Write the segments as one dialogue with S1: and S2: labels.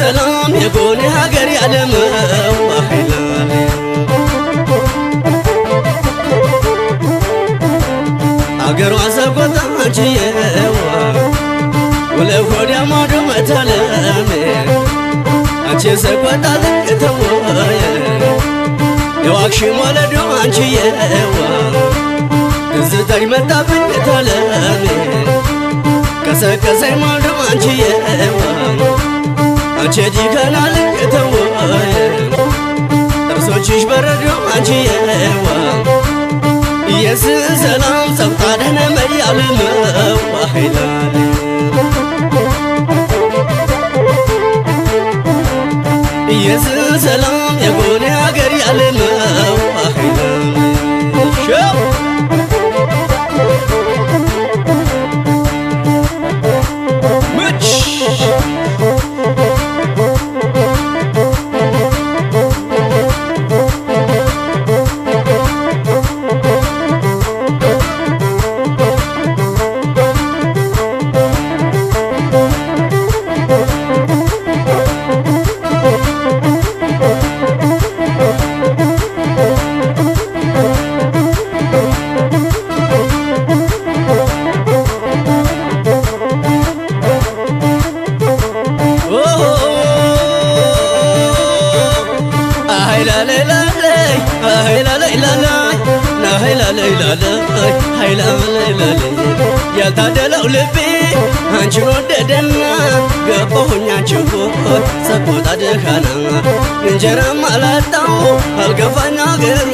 S1: ሰላም የጎኔ ሀገር ያለመው አገሯ ሰቆጣችየዋ ወለሆዳ ማዶ መታለሜ አንቺ ሰቆጣ ልቅተወየ የዋክሽ ማለዶ አንቺየዋ ትዝታሽ መጣብኝ ታለሜ ቀሰቀሰኝ ማዶ አንቺየዋ ሟቼ ዲከላል የተወ ጥርሶችሽ በረዶ አንቺ የዋ ኢየሱስ ሰላም ጸጥታ ደህና መያልለው ዋይላል ኢየሱስ ሰላም ሀገር ያልታደለው ልቤ አንቺን ወደደና ገባሁኝ ሰቆጣ ደካና እንጀራም አላጣው አልገፋኝ አገሩ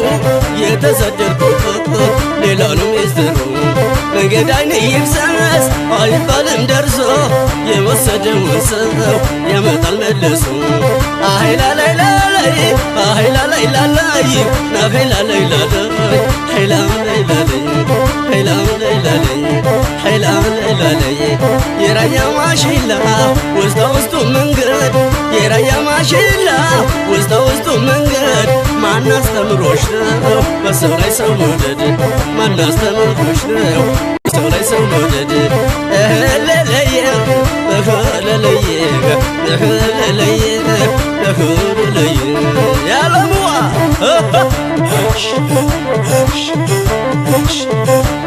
S1: የተሰደድኩት ሌላውንም ይስሩ መንገድ አይን ይብሰስ አይባልም ደርሶ የወሰደ ወሰው መልሱ አይላ ላይ ላይ አይላ ላይ ላይ ናፈላ ላይ ላይ አይላ ላይ ላይ ነው በሰው ላይ ሰው መውደድ ማናስተምሮች ነው you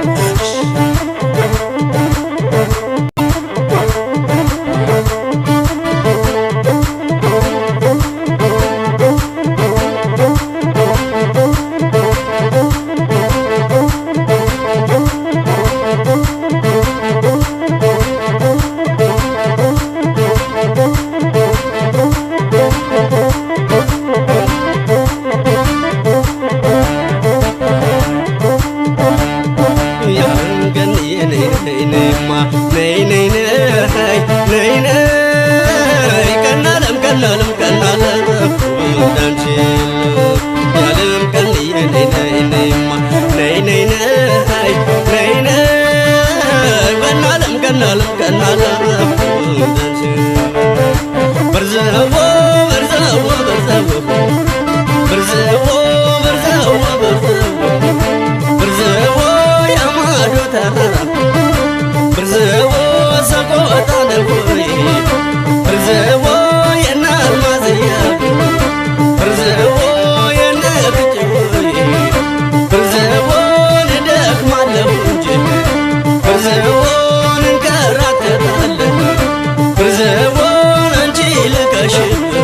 S1: Brzewo, Zakołata, Nerwoje shit.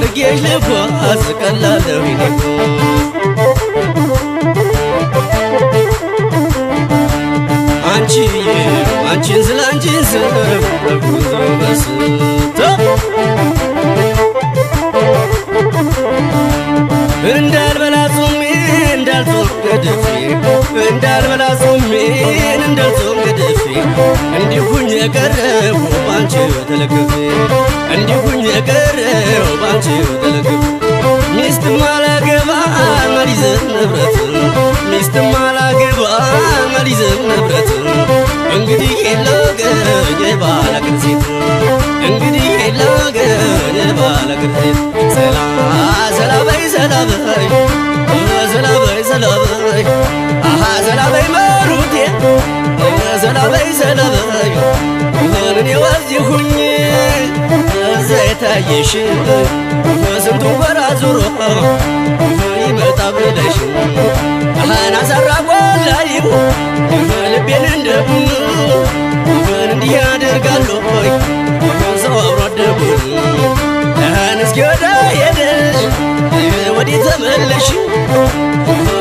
S1: አርጌሽ ልፎ አስቀላለሁ ይኔኮ አንቺ አንቺን ስለ አንቺን ስል እንዳልበላ ጾሜ እንዳልጾም ገድፌ እንዳልበላ ጾሜን እንዳልጾም ገደፌ እንዲሁኝ የቀረው ባንቺ ተለግፌ እንዲሁኝ የቀረው ባንቺ ተለግፌ ሚስት ማላገባ መሪዘን ንብረትን ሚስት ማላገባ መሪዘን ንብረትን እንግዲህ የላገኝ ባላገር ሴት እንግዲህ የላገኝ ባላገር ሴት ሰላ ሰላ በይ ሰላ በይ ሰላ በይ ሰላ በይ ዘናበይ መሩቴ ዘናበይ ዘናበዩ ምንን የዋዚሁኝ ዘይታየሽ ስንቱ በራ ዙሮ ይመጣ ብለሽ ሀና ሰራ ቆላይቡ ልቤን እንደቡኑ ምን እንዲህ ያደርጋለሆይ ሰው አብሮ አደቡን ሀን እስኪወዳ ሄደሽ ወዴ ተመለሽ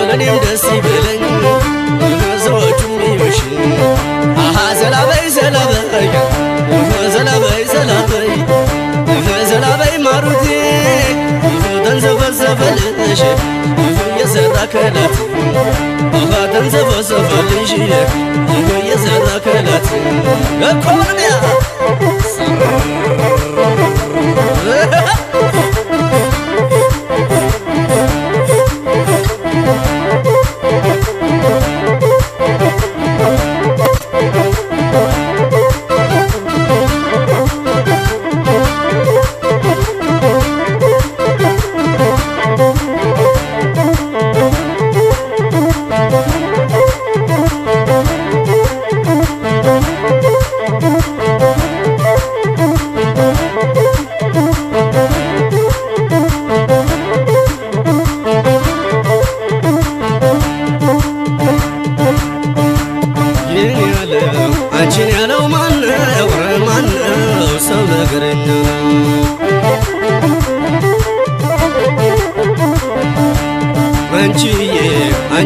S1: ለእኔም ደስ ይበለኝ ሰዎቹም ይመሽ አሃ ዘላበይ ዘላበይ ዘላበይ ዘላበይ ዘላበይ ማሩቴ ተንዘፈዘፈልሽ የዘራ ከላት አሃ ተንዘፈዘፈልሽ የዘራ ከላት ኮርኒያ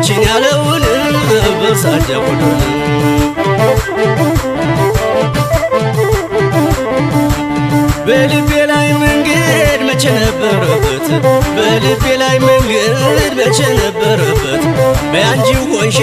S1: እችን ያለውንም በሳደቡንም በልቤ ላይ መንገድ መቼ ነበረበት? በልቤ ላይ መንገድ መቼ ነበረበት? በያንቺ ሆንሽ